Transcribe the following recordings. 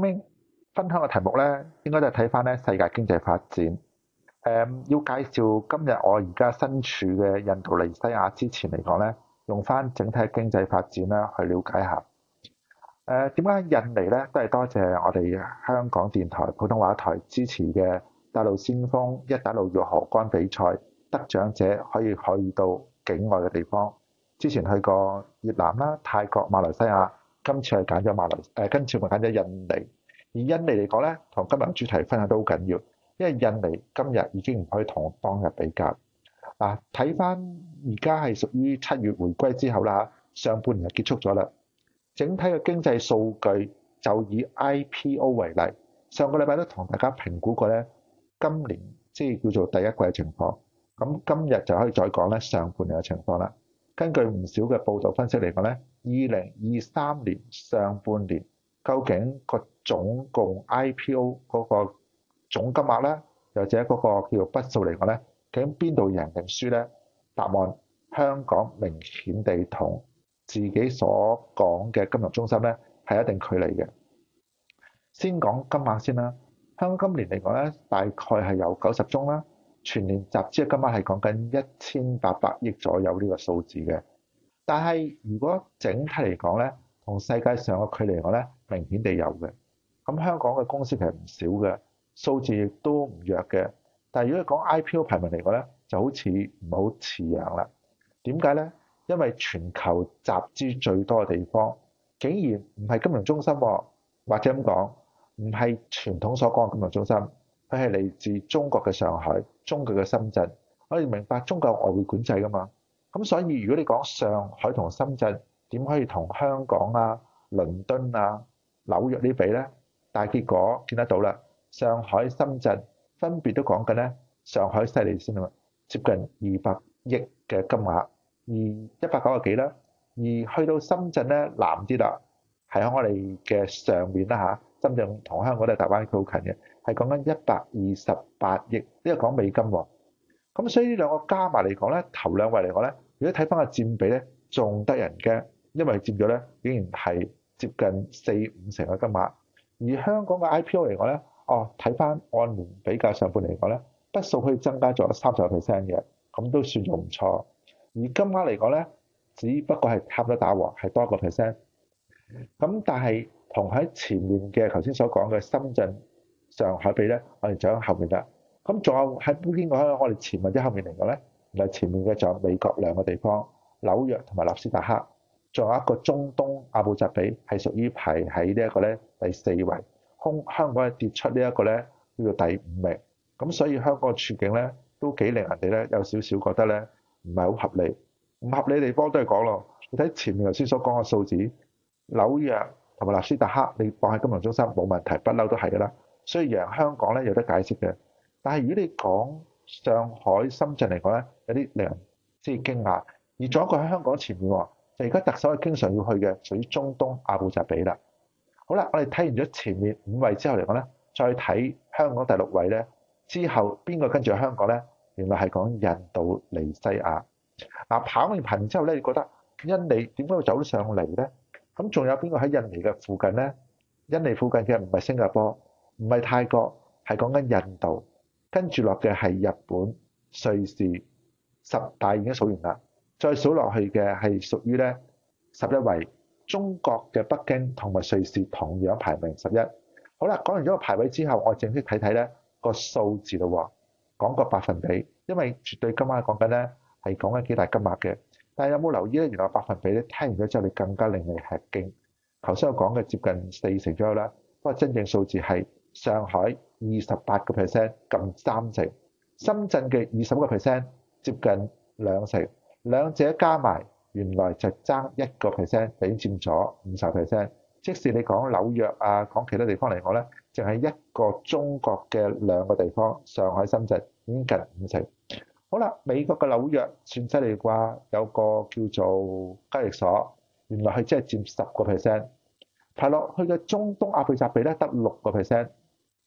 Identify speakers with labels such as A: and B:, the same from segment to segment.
A: 分享嘅題目呢，應該就係睇翻呢世界經濟發展。誒、嗯，要介紹今日我而家身處嘅印度尼西亞之前嚟講呢，用翻整體經濟發展啦去了解下。誒、嗯，點解印尼呢？都係多謝我哋香港電台普通話台支持嘅《一大陸先鋒一帶一路越河關比賽》得獎者可以去到境外嘅地方。之前去過越南啦、泰國、馬來西亞。今次係揀咗馬來，誒，今次咪揀咗印尼。而印尼嚟講咧，同今日主題分享都好緊要，因為印尼今日已經唔可以同當日比較。嗱，睇翻而家係屬於七月回歸之後啦，上半年就結束咗啦。整體嘅經濟數據就以 IPO 為例，上個禮拜都同大家評估過咧，今年即係叫做第一季嘅情況。咁今日就可以再講咧上半年嘅情況啦。根據唔少嘅報道分析嚟講呢，二零二三年上半年究竟個總共 IPO 嗰個總金額呢，又或者嗰個叫做筆數嚟講呢，究竟邊度贏定輸呢？答案香港明顯地同自己所講嘅金融中心呢係一定距離嘅。先講金額先啦，香港今年嚟講呢，大概係有九十宗啦。全年集資，今晚係講緊一千八百億左右呢個數字嘅。但係如果整體嚟講呢，同世界上嘅距離嚟講呢，明顯地有嘅。咁香港嘅公司其實唔少嘅，數字亦都唔弱嘅。但係如果講 IPO 排名嚟講呢，就好似唔好似樣啦。點解呢？因為全球集資最多嘅地方，竟然唔係金融中心，啊，或者噉講，唔係傳統所講嘅金融中心。佢係嚟自中國嘅上海、中國嘅深圳，我哋明白中國外匯管制噶嘛，咁所以如果你講上海同深圳點可以同香港啊、倫敦啊、紐約呢比咧？但係結果見得到啦，上海、深圳分別都講緊咧，上海犀利先啊，接近二百億嘅金額，而一百九啊幾一百九十幾啦，而去到深圳咧藍啲啦，係喺我哋嘅上面啦嚇，深圳同香港都係大灣區好近嘅。係講緊一百二十八億，呢、這個講美金喎、哦。咁所以呢兩個加埋嚟講咧，頭兩位嚟講咧，如果睇翻個佔比咧，仲得人驚，因為佔咗咧，竟然係接近四五成嘅金額。而香港嘅 IPO 嚟講咧，哦，睇翻按年比較上半年嚟講咧，筆數可以增加咗三十個 percent 嘅，咁都算做唔錯。而金額嚟講咧，只不過係差唔多打和，係多一個 percent。咁但係同喺前面嘅頭先所講嘅深圳。上海比咧，我哋就喺後面啦。咁仲有喺邊個喺我哋前或者後面嚟講咧？原來前面嘅仲有美國兩個地方紐約同埋納斯達克，仲有一個中東阿布扎比，係屬於排喺呢一個咧第四位。空香港係跌出呢一個咧叫做第五名。咁所以香港嘅處境咧，都幾令人哋咧有少少覺得咧唔係好合理，唔合理嘅地方都係講咯。你睇前面頭先所講嘅數字，紐約同埋納斯達克，你放喺金融中心冇問題，不嬲都係㗎啦。雖然香港咧有得解釋嘅，但係如果你講上海、深圳嚟講咧，有啲令人即係驚訝。而仲有一個喺香港前面喎，就而家特首係經常要去嘅，屬於中東阿布扎比啦。好啦，我哋睇完咗前面五位之後嚟講咧，再睇香港第六位咧之後邊個跟住香港咧？原來係講印度尼西亞。嗱跑完排之後咧，你覺得印尼點解會走得上嚟咧？咁仲有邊個喺印尼嘅附近咧？印尼附近嘅唔係新加坡。唔係泰國，係講緊印度。跟住落嘅係日本、瑞士，十大已經數完啦。再數落去嘅係屬於咧十一位，中國嘅北京同埋瑞士同樣排名十一。好啦，講完咗個排位之後，我正式睇睇咧個數字喇喎。講個百分比，因為絕對今晚講緊咧係講緊幾大金額嘅。但係有冇留意咧？原來百分比咧，聽完咗之後你更加令你吃驚。頭先我講嘅接近四成左右啦，不過真正數字係。上海二十八個 percent，近三成；深圳嘅二十五個 percent，接近兩成。兩者加埋，原來就爭一個 percent，已經佔咗五十 percent。即使你講紐約啊，講其他地方嚟講咧，淨係一個中國嘅兩個地方，上海、深圳已經近五成。好啦，美國嘅紐約算犀利啩？有個叫做交易所，原來佢真係佔十個 percent。排落去嘅中東阿布扎比咧，得六個 percent。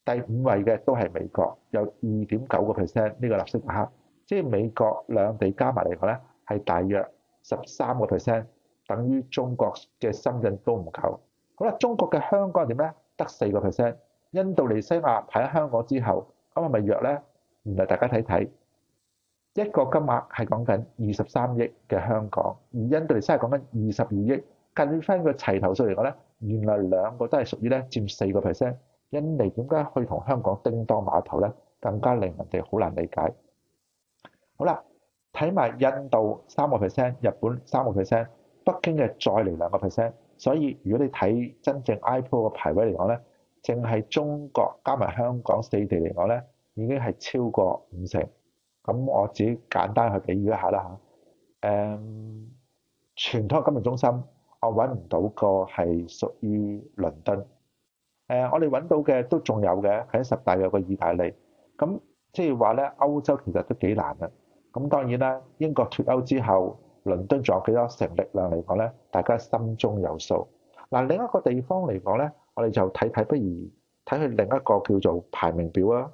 A: 第五位嘅都係美國，有二點九個，percent 呢個納斯達克，即係美國兩地加埋嚟講咧，係大約十三個 percent，等於中國嘅深圳都唔夠。好啦，中國嘅香港點咧？得四個 percent。印度尼西亞排喺香港之後，咁係咪弱咧？原來大家睇睇，一個金額係講緊二十三億嘅香港，而印度尼西亞講緊二十二億，近翻個齊頭數嚟講咧，原來兩個都係屬於咧佔四個 percent。印尼點解可以同香港叮噹碼頭咧，更加令人哋好難理解。好啦，睇埋印度三個 percent，日本三個 percent，北京嘅再嚟兩個 percent。所以如果你睇真正 IPO 嘅排位嚟講咧，淨係中國加埋香港四地嚟講咧，已經係超過五成。咁我自己簡單去比喻一下啦嚇。誒，傳統金融中心，我揾唔到個係屬於倫敦。誒，我哋揾到嘅都仲有嘅喺十大有個意大利咁，即係話咧歐洲其實都幾難嘅。咁當然啦，英國脱歐之後，倫敦仲有幾多成力量嚟講咧，大家心中有數。嗱，另一個地方嚟講咧，我哋就睇睇，不如睇佢另一個叫做排名表啊。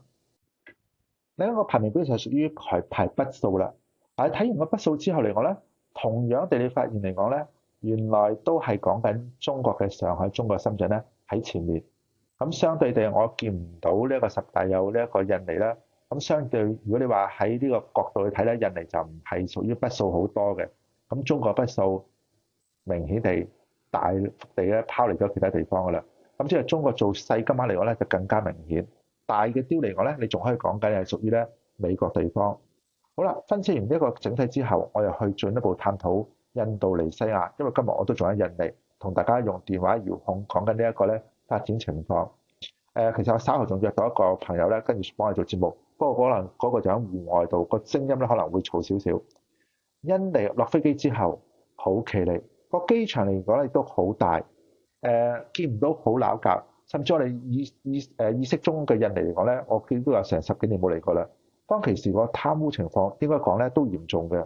A: 另一個排名表就屬於排排不數啦。但係睇完個不數之後嚟講咧，同樣地理發現嚟講咧，原來都係講緊中國嘅上海、中國深圳咧喺前面。咁相對地，我見唔到呢一個十大有呢一個印尼啦。咁相對，如果你話喺呢個角度去睇咧，印尼就唔係屬於筆數好多嘅。咁中國筆數明顯地大幅地咧拋離咗其他地方噶啦。咁即係中國做細金額嚟講咧，就更加明顯。大嘅雕嚟講咧，你仲可以講緊係屬於咧美國地方。好啦，分析完呢一個整體之後，我又去進一步探討印度尼西亞，因為今日我都仲喺印尼同大家用電話遙控講緊呢一個咧。發展情況誒、呃，其實我稍後仲約到一個朋友咧，跟住幫佢做節目。不過可能嗰個就喺戶外度，個聲音咧可能會嘈少少。印尼落飛機之後好企理，很奇個機場嚟講咧都好大誒、呃，見唔到好鬧夾，甚至我哋意意誒意識中嘅印尼嚟講咧，我見都有成十幾年冇嚟過啦。當其時個貪污情況應該講咧都嚴重嘅，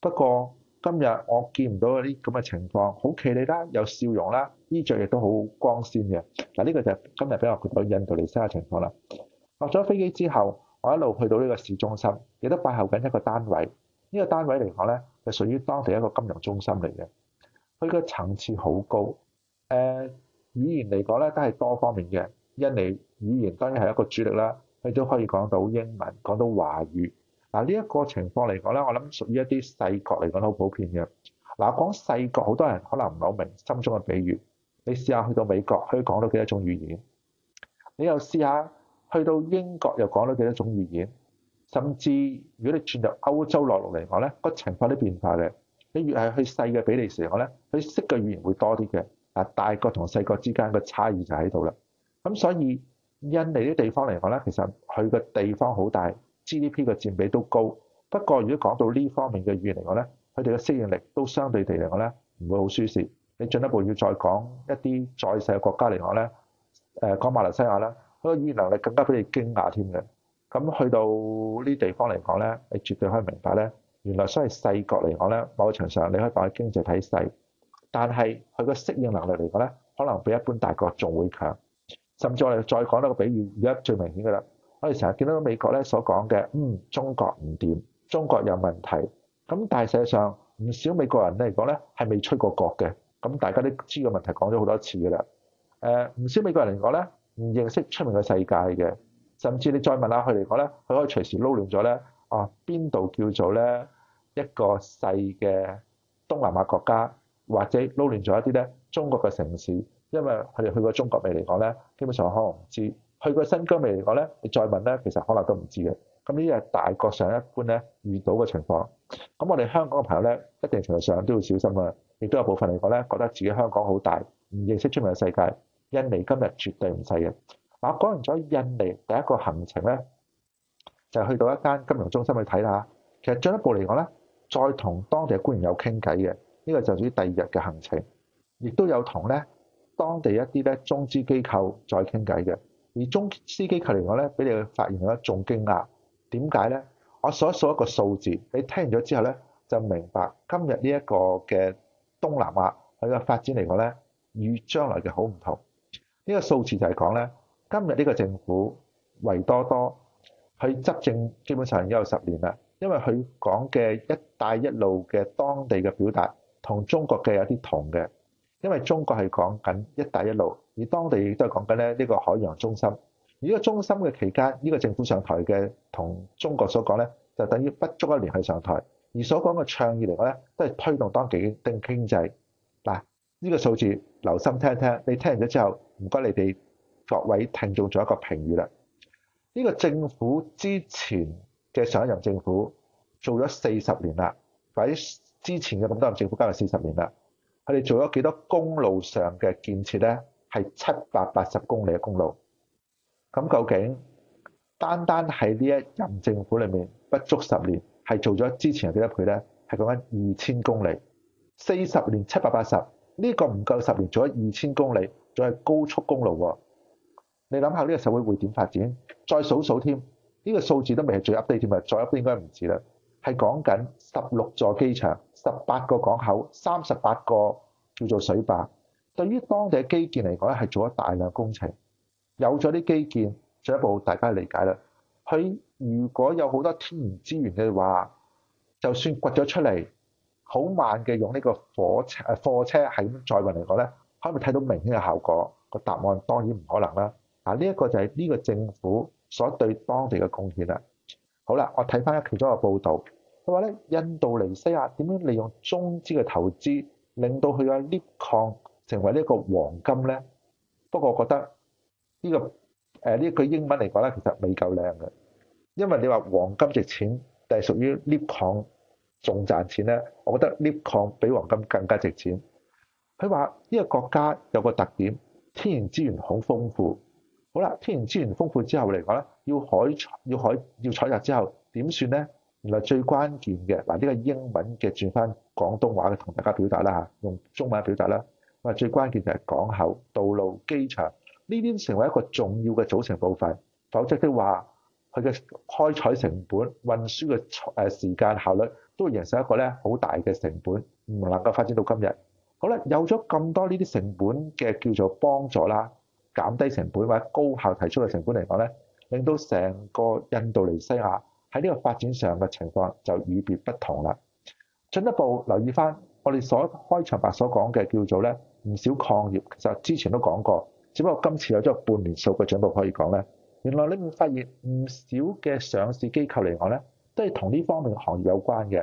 A: 不過今日我見唔到嗰啲咁嘅情況，好企理啦，有笑容啦。衣着亦都好光鮮嘅嗱，呢、這個就係今日比較講到印度尼西亞情況啦。落咗飛機之後，我一路去到呢個市中心，亦都拜候緊一個單位。呢、這個單位嚟講呢，就屬於當地一個金融中心嚟嘅。佢個層次好高，誒，語言嚟講呢，都係多方面嘅。印尼語言當然係一個主力啦，佢都可以講到英文，講到華語嗱。呢、這、一個情況嚟講呢，我諗屬於一啲細國嚟講都好普遍嘅嗱。講細國，好多人可能唔係好明心中嘅比喻。你試下去到美國，可以講到幾多種語言？你又試下去到英國，又講到幾多種語言？甚至如果你轉入歐洲落落嚟講咧，個情況都變化嘅。你越係去細嘅比利時嚟講咧，佢識嘅語言會多啲嘅。啊，大國同細國之間個差異就喺度啦。咁所以印尼啲地方嚟講咧，其實佢個地方好大，GDP 嘅佔比都高。不過如果講到呢方面嘅語言嚟講咧，佢哋嘅適應力都相對地嚟講咧，唔會好舒適。你進一步要再講一啲再細嘅國家嚟講咧，誒講馬來西亞咧，佢個語言能力更加俾你驚訝添嘅。咁去到呢地方嚟講咧，你絕對可以明白咧，原來雖然細國嚟講咧，某個層上你可以把經濟體細，但係佢個適應能力嚟講咧，可能比一般大國仲會強。甚至我哋再講一個比喻，而家最明顯嘅啦，我哋成日見到美國咧所講嘅，嗯中國唔掂，中國有問題。咁但係實際上唔少美國人咧嚟講咧，係未出過國嘅。咁大家都知個問題講咗好多次嘅啦。誒，唔少美國人嚟講咧，唔認識出面嘅世界嘅，甚至你再問下佢嚟講咧，佢可以隨時撈亂咗咧。哦，邊度叫做咧一個細嘅東南亞國家，或者撈亂咗一啲咧中國嘅城市，因為佢哋去過中國未嚟講咧，基本上可能唔知去過新疆未嚟講咧，你再問咧，其實可能都唔知嘅。咁呢啲係大國上一般咧遇到嘅情況。咁我哋香港嘅朋友咧，一定程度上都要小心啦。亦都有部分嚟講咧，覺得自己香港好大，唔認識出面嘅世界。印尼今日絕對唔細嘅。嗱，講完咗印尼第一個行程咧，就去到一間金融中心去睇下。其實進一步嚟講咧，再同當地嘅官員有傾偈嘅。呢個就屬於第二日嘅行程，亦都有同咧當地一啲咧中資機構再傾偈嘅。而中資機構嚟講咧，俾你發現咗一種驚訝。點解咧？我數一數一個數字，你聽完咗之後咧，就明白今日呢一個嘅。東南亞佢嘅發展嚟講咧，與將來嘅好唔同。呢個數字就係講咧，今日呢個政府維多多佢執政基本上已經有十年啦。因為佢講嘅一帶一路嘅當地嘅表達，同中國嘅有啲同嘅。因為中國係講緊一帶一路，而當地亦都係講緊咧呢個海洋中心。而呢個中心嘅期間，呢個政府上台嘅同中國所講咧，就等於不足一年去上台。而所講嘅倡議嚟講咧，都係推動當地經濟。嗱，呢個數字留心聽聽，你聽完咗之後，唔該你哋各位聽眾做一個評語啦。呢個政府之前嘅上一任政府做咗四十年啦，或者之前嘅咁多任政府加埋四十年啦，佢哋做咗幾多公路上嘅建設咧？係七百八十公里嘅公路。咁究竟單單喺呢一任政府裏面不足十年？係做咗之前係幾多倍咧？係講緊二千公里，四十年七百八十呢個唔夠十年，做咗二千公里，仲係高速公路喎。你諗下呢個社會會點發展？再數數添，呢個數字都未係最 update 添啊，再 update 應該唔止啦。係講緊十六座機場、十八個港口、三十八個叫做水壩。對於當地基建嚟講，係做咗大量工程。有咗啲基建，進一步大家理解啦。佢如果有好多天然資源嘅話，就算掘咗出嚟，好慢嘅用呢個火車誒貨車喺載運嚟講咧，可唔可以睇到明顯嘅效果？個答案當然唔可能啦。嗱、啊，呢、這、一個就係呢個政府所對當地嘅貢獻啦。好啦，我睇翻一其中一個報導，佢話咧，印度尼西亞點樣利用中資嘅投資，令到佢嘅鉛礦成為呢個黃金咧？不過我覺得呢、這個誒呢句英文嚟講咧，其實未夠靚嘅。因為你話黃金值錢，定係屬於鎳礦仲賺錢咧。我覺得鎳礦比黃金更加值錢。佢話呢個國家有個特點，天然資源好豐富。好啦，天然資源豐富之後嚟講咧，要海要海，要，海要採集之後點算咧？原來最關鍵嘅嗱，呢個英文嘅轉翻廣東話咧，同大家表達啦嚇，用中文表達啦。咁啊，最關鍵就係港口、道路、機場呢啲成為一個重要嘅組成部分，否則的話。佢嘅開採成本、運輸嘅誒時間效率，都會形成一個咧好大嘅成本，唔能夠發展到今日。好啦，有咗咁多呢啲成本嘅叫做幫助啦，減低成本或者高效提出嘅成本嚟講咧，令到成個印度尼西亞喺呢個發展上嘅情況就與別不同啦。進一步留意翻我哋所開場白所講嘅叫做咧唔少礦業，其實之前都講過，只不過今次有咗半年數據進步可以講咧。原來你會發現唔少嘅上市機構嚟講咧，都係同呢方面行業有關嘅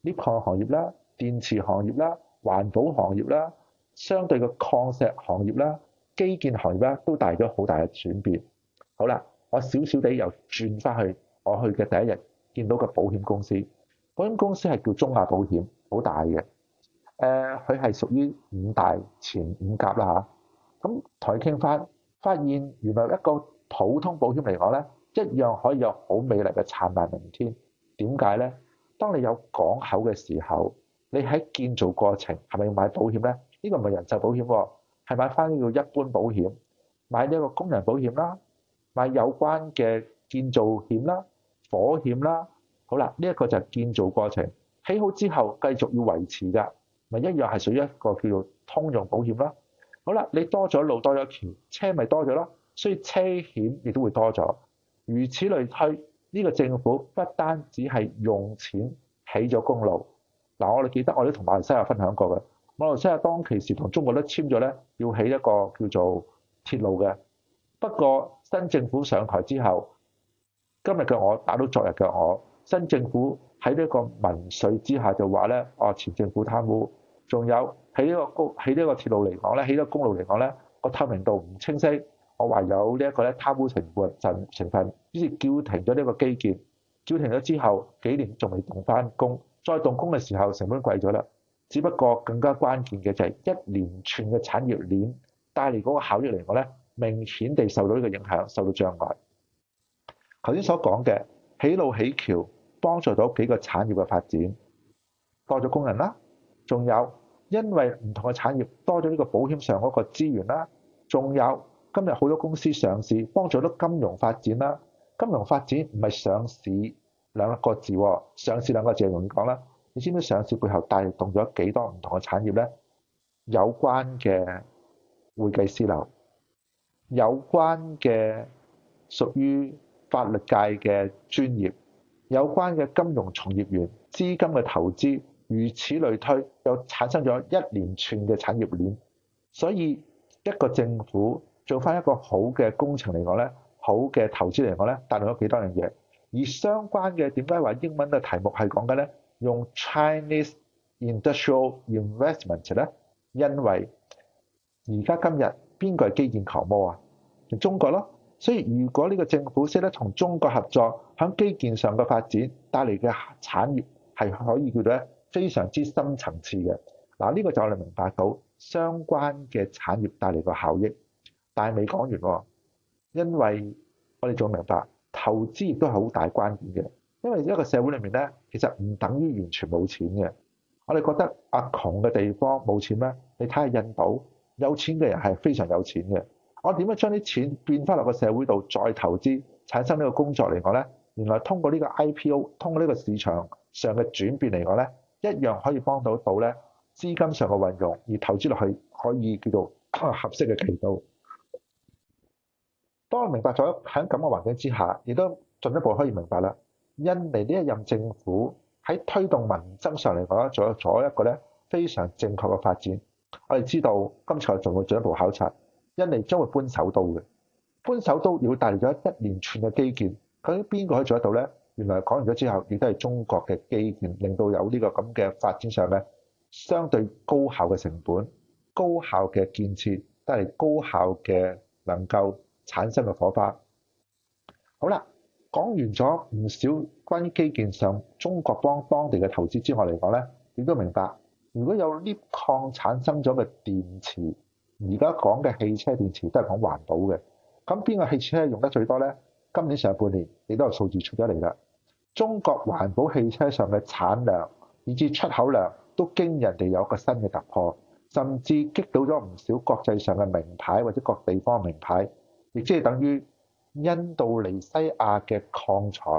A: 呢礦行業啦、電池行業啦、環保行業啦、相對嘅礦石行業啦、基建行業啦，都帶咗好大嘅轉變。好啦，我少少地又轉翻去我去嘅第一日見到嘅保險公司，保險公司係叫中亞保險，好大嘅。誒、呃，佢係屬於五大前五甲啦嚇。咁台傾翻，發現原來一個。普通保險嚟講咧，一樣可以有好美麗嘅燦爛明天。點解咧？當你有港口嘅時候，你喺建造過程係咪要買保險咧？呢、這個唔係人壽保險，係買翻呢個一般保險，買呢一個工人保險啦，買有關嘅建造險啦、火險啦。好啦，呢、這、一個就係建造過程起好之後，繼續要維持㗎，咪一樣係屬於一個叫做通用保險啦。好啦，你多咗路多咗橋，車多了，咪多咗咯。所以車險亦都會多咗，如此類推。呢個政府不單只係用錢起咗公路。嗱，我哋記得我哋同馬來西亞分享過嘅，馬來西亞當其時同中國都簽咗咧，要起一個叫做鐵路嘅。不過新政府上台之後，今日嘅我打到昨日嘅我，新政府喺呢一個民粹之下就話咧：哦，前政府貪污，仲有喺呢個高喺呢個鐵路嚟講咧，起咗公路嚟講咧，個透明度唔清晰。我話有呢一個咧貪污成份成分，於是叫停咗呢個基建。叫停咗之後幾年仲未動翻工，再動工嘅時候成本貴咗啦。只不過更加關鍵嘅就係一連串嘅產業鏈帶嚟嗰個效益嚟講咧，明顯地受到呢個影響，受到障礙。頭先所講嘅起路起橋，幫助到幾個產業嘅發展，多咗工人啦，仲有因為唔同嘅產業多咗呢個保險上嗰個資源啦，仲有。今日好多公司上市，幫助咗金融發展啦。金融發展唔係上市兩個字喎，上市兩個字就容易講啦。你知唔知上市背後帶動咗幾多唔同嘅產業呢？有關嘅會計師樓，有關嘅屬於法律界嘅專業，有關嘅金融從業員、資金嘅投資，如此類推，又產生咗一連串嘅產業鏈。所以一個政府做翻一個好嘅工程嚟講呢，好嘅投資嚟講呢，帶嚟咗幾多樣嘢。而相關嘅，點解話英文嘅題目係講緊呢？用 Chinese Industrial Investment 呢，因為而家今日邊個係基建狂魔啊？中國咯。所以如果呢個政府識咧同中國合作，喺基建上嘅發展帶嚟嘅產業係可以叫做咧非常之深層次嘅。嗱，呢個就我哋明白到相關嘅產業帶嚟個效益。但係未講完，因為我哋仲明白投資亦都係好大關鍵嘅。因為一個社會裏面呢，其實唔等於完全冇錢嘅。我哋覺得阿窮嘅地方冇錢咩？你睇下印度，有錢嘅人係非常有錢嘅。我點樣將啲錢變返落個社會度再投資，產生呢個工作嚟講呢？原來通過呢個 IPO，通過呢個市場上嘅轉變嚟講呢，一樣可以幫到到呢資金上嘅運用，而投資落去可以叫做合適嘅渠道。當我明白咗喺咁嘅環境之下，亦都進一步可以明白啦。印尼呢一任政府喺推動民生上嚟講咧，做咗一個咧非常正確嘅發展。我哋知道今次我仲會進一步考察，印尼將會搬首都嘅搬首都，要帶嚟咗一連串嘅基建。究竟邊個可以做得到呢？原來講完咗之後，亦都係中國嘅基建令到有呢個咁嘅發展上咧，相對高效嘅成本、高效嘅建設帶嚟高效嘅能夠。產生嘅火花。好啦，講完咗唔少關於基建上中國幫當地嘅投資之外嚟講呢，你都明白。如果有啲礦產生咗嘅電池，而家講嘅汽車電池都係講環保嘅。咁邊個汽車用得最多呢？今年上半年你都有數字出咗嚟啦。中國環保汽車上嘅產量以至出口量都驚人地有一個新嘅突破，甚至擊倒咗唔少國際上嘅名牌或者各地方的名牌。亦即係等於印度尼西亞嘅礦材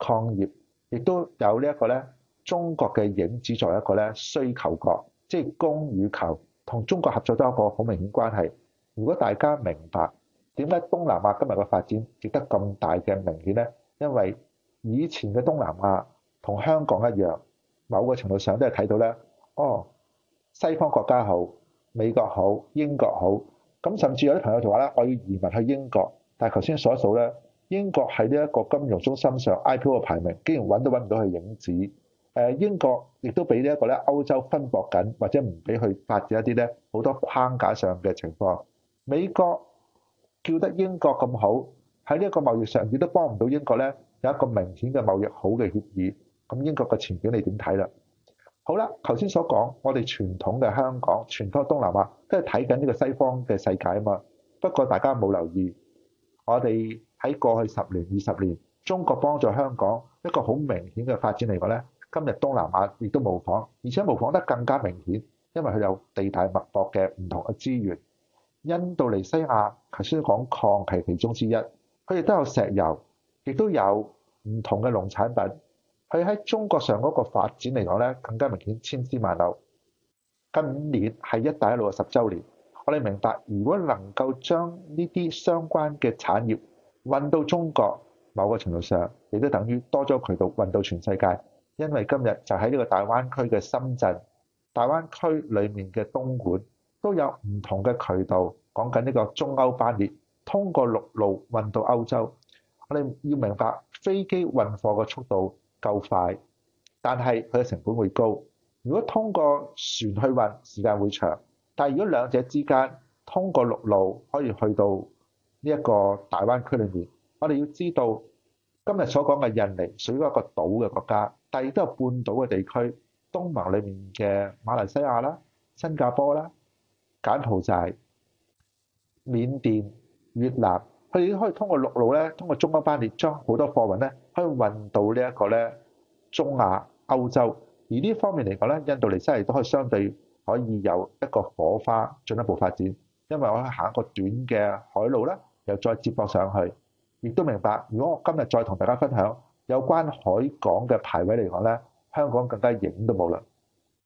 A: 礦業，亦都有呢一個咧中國嘅影子作為一個咧需求國，即係供與求同中國合作都有一個好明顯關係。如果大家明白點解東南亞今日嘅發展值得咁大嘅明顯咧，因為以前嘅東南亞同香港一樣，某個程度上都係睇到咧，哦，西方國家好，美國好，英國好。咁甚至有啲朋友就話咧，我要移民去英國，但係頭先數一數咧，英國喺呢一個金融中心上 IPO 嘅排名，竟然揾都揾唔到佢影子。誒，英國亦都俾呢一個咧歐洲分薄緊，或者唔俾佢發展一啲咧好多框架上嘅情況。美國叫得英國咁好，喺呢一個貿易上亦都幫唔到英國咧，有一個明顯嘅貿易好嘅協議。咁英國嘅前景你點睇咧？好啦，頭先所講，我哋傳統嘅香港、傳統嘅東南亞都係睇緊呢個西方嘅世界啊嘛。不過大家冇留意，我哋喺過去十年、二十年，中國幫助香港一個好明顯嘅發展嚟講呢，今日東南亞亦都模仿，而且模仿得更加明顯，因為佢有地大物博嘅唔同嘅資源。印度尼西亞頭先講礦係其中之一，佢亦都有石油，亦都有唔同嘅農產品。佢喺中國上嗰個發展嚟講咧，更加明顯千絲萬縷。今年係一帶一路嘅十週年，我哋明白，如果能夠將呢啲相關嘅產業運到中國，某個程度上亦都等於多咗渠道運到全世界。因為今日就喺呢個大灣區嘅深圳，大灣區裡面嘅東莞都有唔同嘅渠道講緊呢個中歐班列，通過陸路運到歐洲。我哋要明白飛機運貨嘅速度夠快，但係佢嘅成本會高。如果通過船去運，時間會長。但係如果兩者之間通過陸路可以去到呢一個大灣區裏面，我哋要知道今日所講嘅印尼屬於一個島嘅國家，但亦都有半島嘅地區。東盟裏面嘅馬來西亞啦、新加坡啦、柬埔寨、緬甸、越南，佢哋都可以通過陸路咧，通過中歐班列將好多貨運咧。可以運到呢一個咧中亞、歐洲，而呢方面嚟講咧，印度尼西亞亦都可以相對可以有一個火花進一步發展，因為我可以行一個短嘅海路啦，又再接駁上去。亦都明白，如果我今日再同大家分享有關海港嘅排位嚟講咧，香港更加影都冇啦。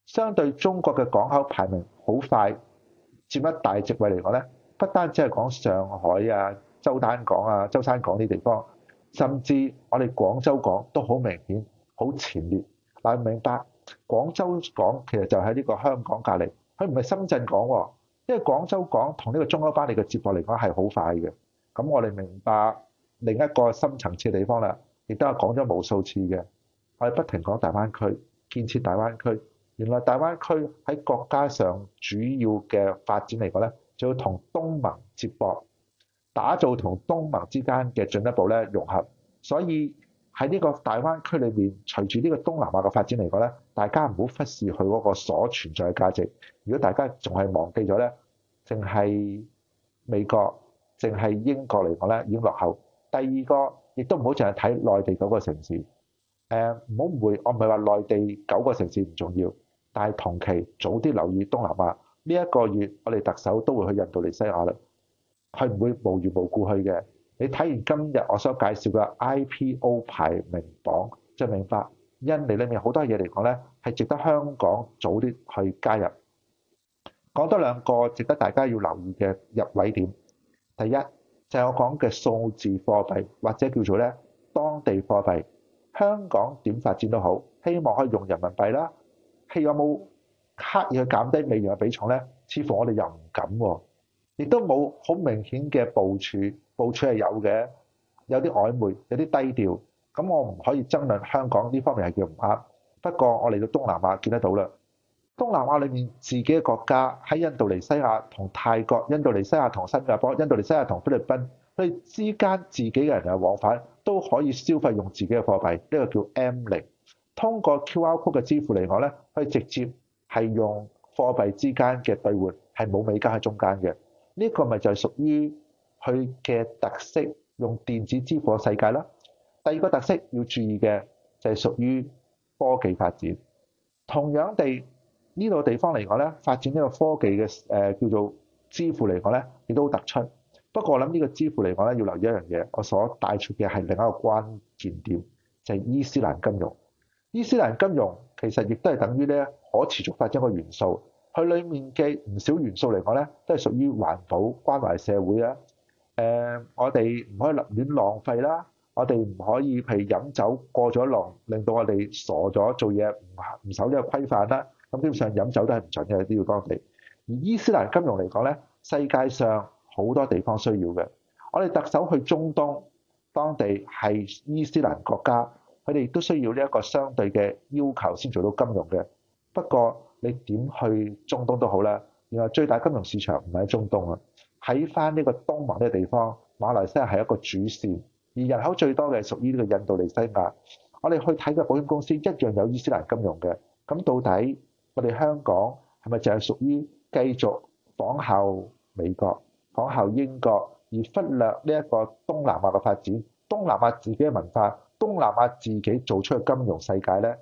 A: 相對中國嘅港口排名好快佔一大席位嚟講咧，不單止係講上海啊、周丹港啊、舟山港呢啲地方。甚至我哋廣州港都好明顯、好前列，但係明白廣州港其實就喺呢個香港隔離，佢唔係深圳港喎，因為廣州港同呢個中歐班列嘅接駁嚟講係好快嘅。咁我哋明白另一個深層次嘅地方啦，亦都係講咗無數次嘅，我哋不停講大灣區、建設大灣區，原來大灣區喺國家上主要嘅發展嚟講呢，就要同東盟接駁。打造同東盟之間嘅進一步咧融合，所以喺呢個大灣區裏面，隨住呢個東南亞嘅發展嚟講咧，大家唔好忽視佢嗰個所存在嘅價值。如果大家仲係忘記咗咧，淨係美國、淨係英國嚟講咧，已經落後。第二個亦都唔好淨係睇內地九個城市，誒，唔好誤會，我唔係話內地九個城市唔重要，但係同期早啲留意東南亞。呢、這、一個月我哋特首都會去印度尼西亞啦。佢唔會無緣無故去嘅。你睇完今日我所介紹嘅 IPO 排名榜，就明白，印尼裡面好多嘢嚟講呢，係值得香港早啲去加入。講多兩個值得大家要留意嘅入位點。第一就係我講嘅數字貨幣或者叫做呢當地貨幣，香港點發展都好，希望可以用人民幣啦。係有冇刻意去減低美元嘅比重呢？似乎我哋又唔敢喎。亦都冇好明顯嘅部署，部署係有嘅，有啲曖昧，有啲低調。咁我唔可以爭論香港呢方面係叫唔啱。不過我嚟到東南亞見得到啦。東南亞裏面自己嘅國家喺印度尼西亞同泰國、印度尼西亞同新加坡、印度尼西亞同菲律賓，佢哋之間自己嘅人嘅往返都可以消費用自己嘅貨幣，呢個叫 M0。通過 QR code 嘅支付嚟講咧，可以直接係用貨幣之間嘅兌換，係冇美金喺中間嘅。呢個咪就係屬於佢嘅特色，用電子支付嘅世界啦。第二個特色要注意嘅就係屬於科技發展。同樣地，呢度地方嚟講咧，發展呢個科技嘅誒叫做支付嚟講咧，亦都好突出。不過我諗呢個支付嚟講咧，要留意一樣嘢，我所帶出嘅係另一個關鍵點，就係伊斯蘭金融。伊斯蘭金融其實亦都係等於咧可持續發展嘅元素。佢裏面嘅唔少元素嚟講呢，都係屬於環保、關懷社會啊！誒，我哋唔可以濫亂浪費啦，我哋唔可以譬如飲酒過咗龍，令到我哋傻咗，做嘢唔唔守呢個規範啦。咁基本上飲酒都係唔準嘅，都要講明。而伊斯蘭金融嚟講呢，世界上好多地方需要嘅，我哋特首去中東，當地係伊斯蘭國家，佢哋亦都需要呢一個相對嘅要求先做到金融嘅。不過，你點去中東都好啦，原來最大金融市場唔係喺中東啊，睇返呢個東盟呢個地方，馬來西亞係一個主線，而人口最多嘅係屬於呢個印度尼西亞。我哋去睇嘅保險公司一樣有伊斯蘭金融嘅。咁到底我哋香港係咪淨係屬於繼續仿效美國、仿效英國，而忽略呢一個東南亞嘅發展？東南亞自己嘅文化，東南亞自己做出嘅金融世界呢？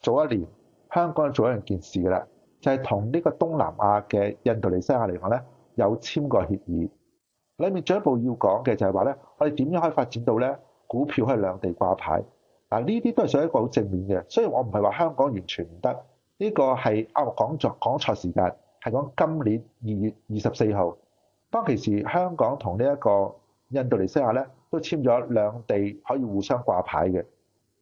A: 早一年。香港做一樣件事嘅啦，就係同呢個東南亞嘅印度尼西亞嚟講呢有簽過協議。裡面進一步要講嘅就係話呢我哋點樣可以發展到呢股票喺兩地掛牌？嗱，呢啲都係算一個好正面嘅。雖然我唔係話香港完全唔得，呢、呢個係啱講錯講錯時間，係講今年二月二十四號。當其時香港同呢一個印度尼西亞呢都簽咗兩地可以互相掛牌嘅。誒、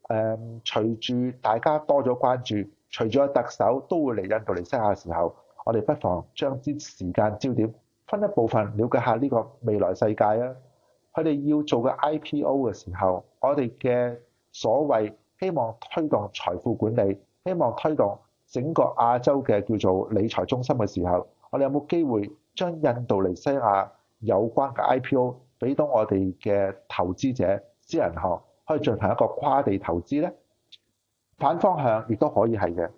A: 嗯，隨住大家多咗關注。除咗特首都會嚟印度尼西亞嘅時候，我哋不妨將啲時間焦點分一部分了解下呢個未來世界啊！佢哋要做嘅 IPO 嘅時候，我哋嘅所謂希望推動財富管理，希望推動整個亞洲嘅叫做理財中心嘅時候，我哋有冇機會將印度尼西亞有關嘅 IPO 俾到我哋嘅投資者、私人行可以進行一個跨地投資呢？反方向亦都可以係嘅。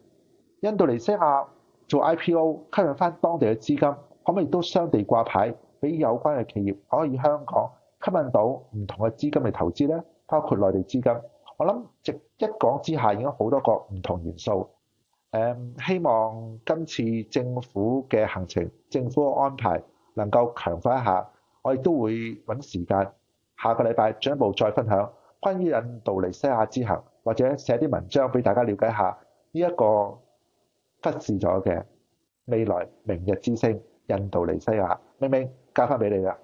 A: 印度尼西亞做 IPO 吸引翻當地嘅資金，可唔可以也都雙地掛牌，俾有關嘅企業可以香港吸引到唔同嘅資金嚟投資咧？包括內地資金，我諗直一講之下已經好多個唔同元素。誒、嗯，希望今次政府嘅行程、政府嘅安排能夠強化一下。我亦都會揾時間下個禮拜進一步再分享關於印度尼西亞之行。或者寫啲文章俾大家了解下呢一個忽視咗嘅未來明日之星印度尼西亞，明明交翻俾你喇！